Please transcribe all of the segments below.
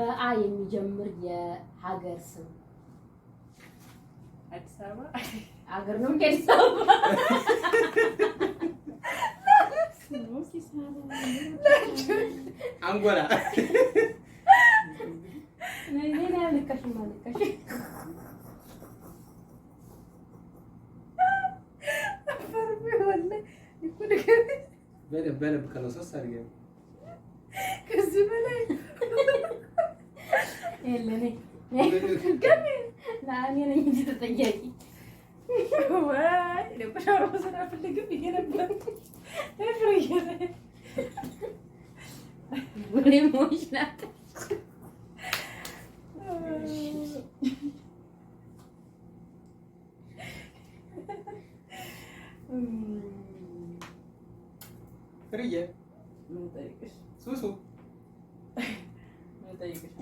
በአ የሚጀምር የሀገር ስም አዲስ አበባ ነው እንዴ? አበባ አንጎላ በደንብ በደንብ ከዚህ በላይ ፍርዬ ሱሱ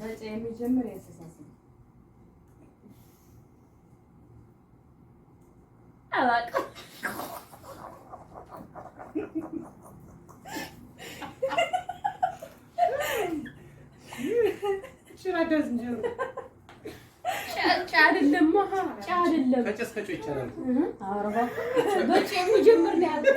መጀመሪያ ያስተሳሰብ አላውቅም። አይደለም አይደለም፣ ከጨስ ከጮህ ይቻላል። ኧረ እባክህ በጭ የሚጀምር ነው ያለው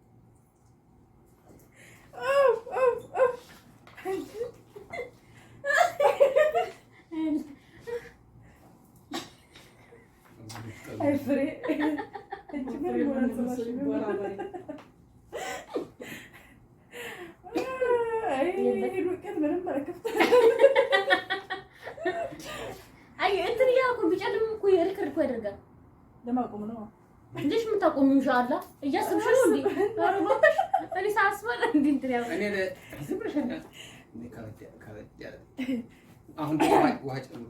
አይ እንትን እያልኩ ቢጨልም እኮ ሪከርድ እኮ ያደርጋል። ለማቆም ነው እንዴሽ የምታቆሙ ኢንሻአላ እያሰብሽ ነው እንዴ? አሁን ውሃ ጨምሩ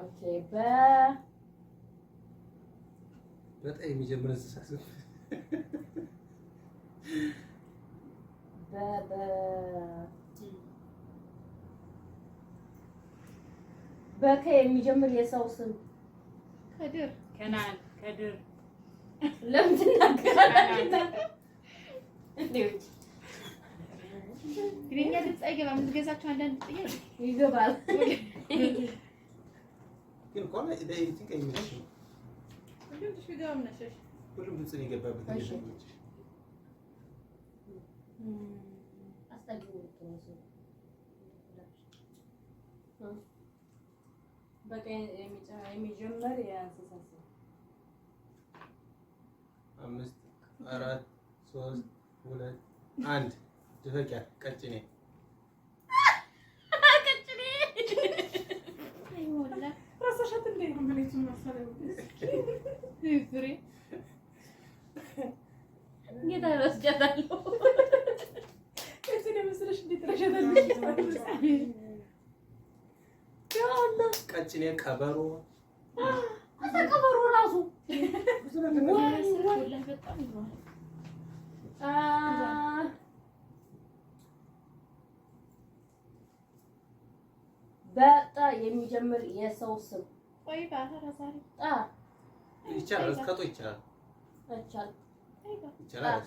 ኦኬ በ በጣም የሚጀምር በ በከ የሚጀምር የሰው ስም ከድር ከናን ከድር ለምን ትናገራለህ? ግንኛ ድምፅ አይገባም። የምትገዛቸው አንዳንድ ጥያቄ ይገባል። ግን ከሆነ ለኤዲቲንግ አይመችሽ ነው። ሁሉም ድምፅ ነው የገባበት። አምስት አራት ሶስት ሁለት አንድ ድፈቂያ ቀጭኔ ቀጭኔ ከበሮ ከበሮ ራሱ በጣ የሚጀምር የሰው ስም ቆይ ባታረ ዛሬ ይቻላል። እስከቶ ይቻላል። ይቻላል።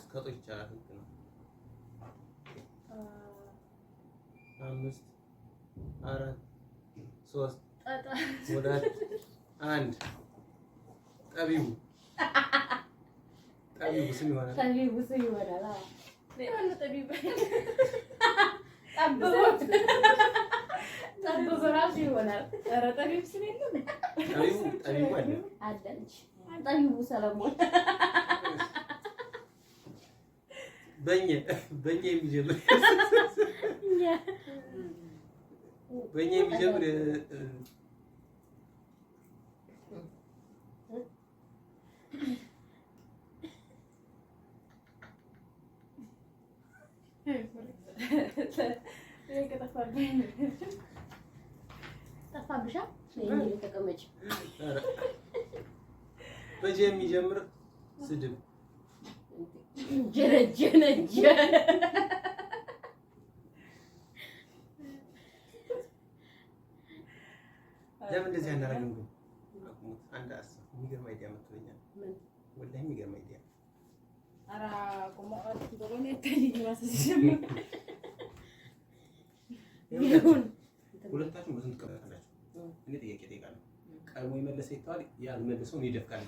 እስከቶ ይቻላል። ህግ ነው። አምስት፣ አራት፣ ሶስት፣ ሁለት፣ አንድ። ጠቢቡ ጠቢቡ ስም ይሆናል። ጠቢቡ ስም ይሆናል። አለች። አልጠይቡ ሰለሞን በኛ በእኛ የሚጀምር በእኛ የሚጀምር ጠፋብሻ ተቀመጭ በጀ የሚጀምር ስድብ ጀነጀነጀ ለምን እንደዚህ አናደርግም? ግን አንድ አስብ። የሚገርም አይዲያ መጥቶኛል። ወላሂ የሚገርም አይዲያ ሁለታችሁ ጥያቄ ጠይቃለሁ። ቀድሞ የመለሰ ይተዋል፣ ያልመለሰውን ይደፍቃል።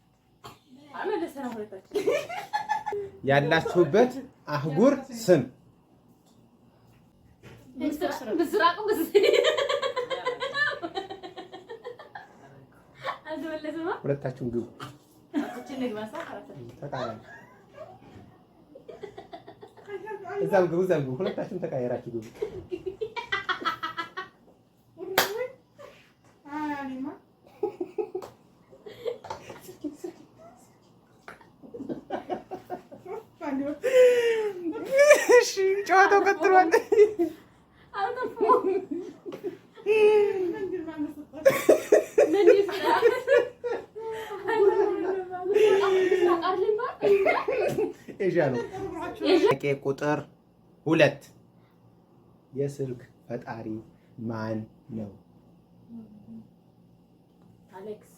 ያላችሁበት አህጉር ስም ሁለታችሁም ግቡ። እዛም ግቡ፣ እዛም ግቡ። ሁለታችሁም ተቃየራችሁ ግቡ። تروح هذا فوق ندير معنا ኤዣ ነው። ጥያቄ ቁጥር ሁለት የስልክ ፈጣሪ ማን ነው? አሌክስ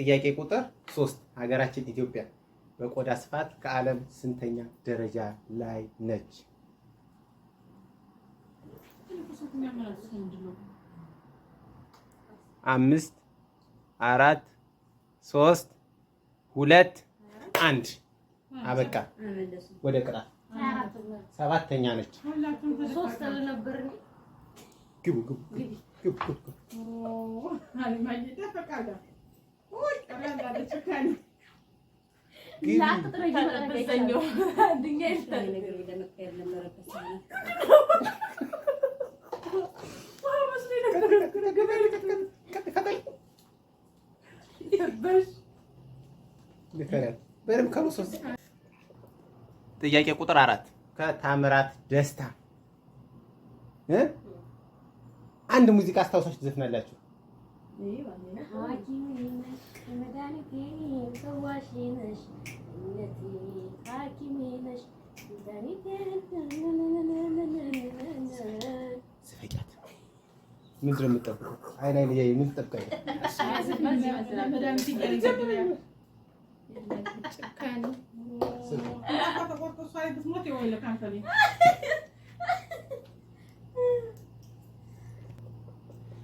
ጥያቄ ቁጥር ሶስት ሀገራችን ኢትዮጵያ በቆዳ ስፋት ከዓለም ስንተኛ ደረጃ ላይ ነች? አምስት አራት ሶስት ሁለት አንድ። አበቃ። ወደ ቅራት ሰባተኛ ነች። ግቡ ግቡ ግቡ ጥያቄ ቁጥር አራት ከታምራት ደስታ አንድ ሙዚቃ አስታውሳችሁ ትዘፍናላችሁ። መድኃኒቴ ፈዋሽ ነሽ እመቤቴ ሐኪሜ ነሽ ምንድን ነው የምትጠብቀው? አይን አይን እያየህ ምን ትጠብቀኛለህ?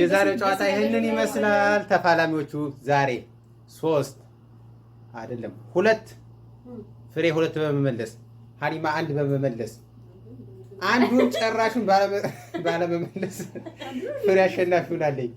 የዛሬው ጨዋታ ይህንን ይመስላል። ተፋላሚዎቹ ዛሬ ሶስት አይደለም ሁለት ፍሬ ሁለት በመመለስ ሀሊማ አንድ በመመለስ አንዱን ጨራሹን ባለመመለስ ፍሬ አሸናፊ ሆናለች።